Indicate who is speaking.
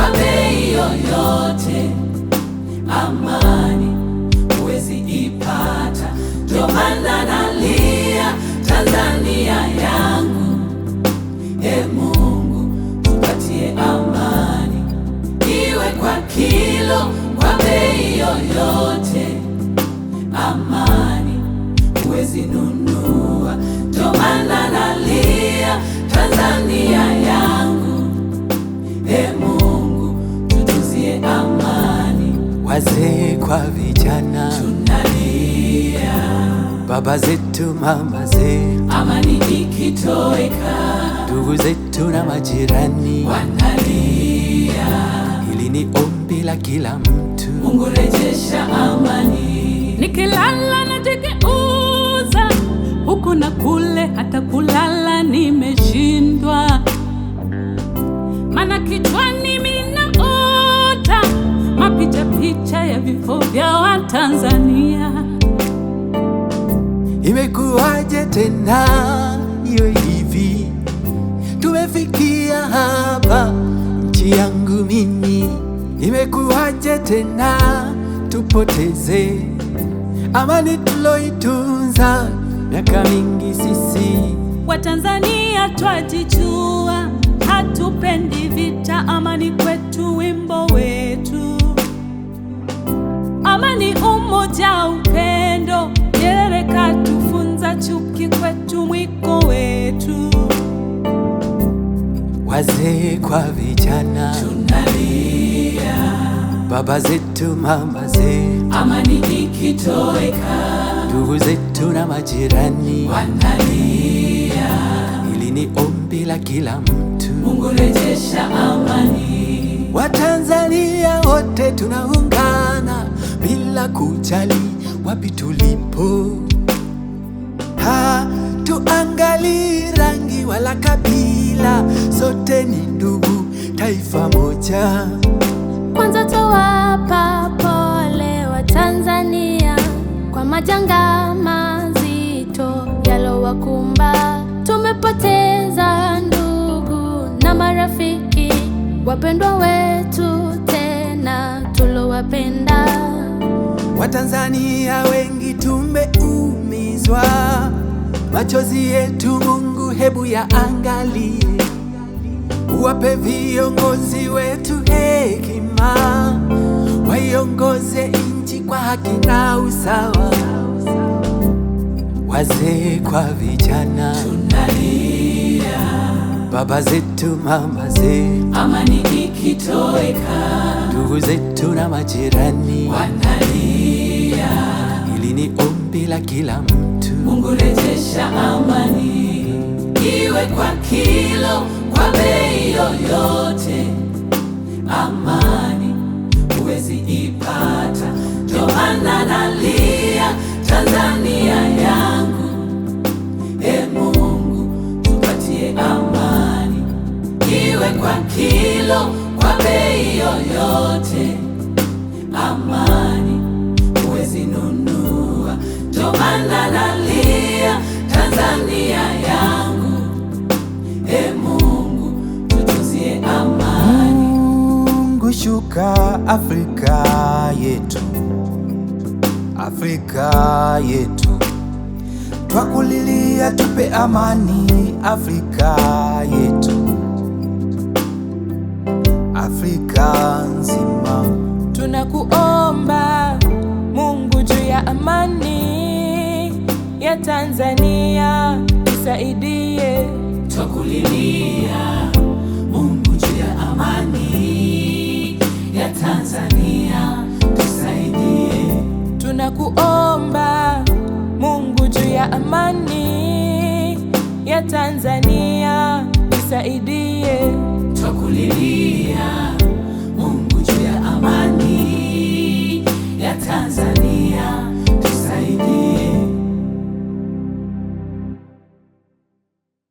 Speaker 1: kwa bei yoyote, amani huwezi ipata. Ndio maana nalia Tanzania yangu, e Mungu tupatie amani, iwe kwa kilo, kwa bei yoyote, amani huwezi nunua. Ndio maana
Speaker 2: nalia Tanzania yangu. wazee kwa vijana, tunalia baba zetu, mama zetu, amani ikitoweka, ndugu zetu na majirani wanalia. Hili ni ombi la kila mtu,
Speaker 1: Mungu rejesha amani. Nikilala najigeuza huku na kule, hata kule
Speaker 2: Tanzania imekuwaje tena iwe hivi? Tumefikia hapa nchi yangu mimi, imekuwaje tena tupoteze amani tuloitunza miaka mingi? Sisi
Speaker 1: Watanzania twajijua, hatupendi vita. Amani kwetu wimbo wetu
Speaker 2: wazee kwa vijana tunalia, baba zetu mama zetu, amani ikitoweka, ndugu zetu na majirani wanalia. Hili ni ombi la kila mtu,
Speaker 1: Mungu rejesha amani.
Speaker 2: Watanzania wote tunaungana bila kujali wapi tulipo, ha rangi wala kabila taifa moja. Kwanza tuwapa pole wa Tanzania
Speaker 1: kwa majanga mazito yalowakumba. Tumepoteza ndugu na marafiki, wapendwa wetu tena tulowapenda.
Speaker 2: Watanzania wengi tumeumizwa, machozi yetu Mungu hebu ya angali Wape viongozi wetu hekima, waiongoze nchi kwa haki na usawa, wazee kwa vijana. Tunalia baba zetu, mama zetu, amani ikitoweka, ndugu zetu na majirani wanalia. ili ni ombi la kila mtu, Mungu rejesha amani iwe kwa kila kwa bei yoyote,
Speaker 1: amani huwezi ipata. Yohana nalia, Tanzania yangu, e Mungu tupatie amani, iwe kwa kilo, kwa bei yoyote, amani huwezi nunua. Yohana nalia, Tanzania yangu
Speaker 2: Shuka Afrika yetu, Afrika yetu, twakulilia tupe amani, Afrika yetu, Afrika nzima
Speaker 1: tunakuomba Mungu juu ya amani ya Tanzania, tusaidie, twakulilia amani ya Tanzania, nisaidie, tukulilia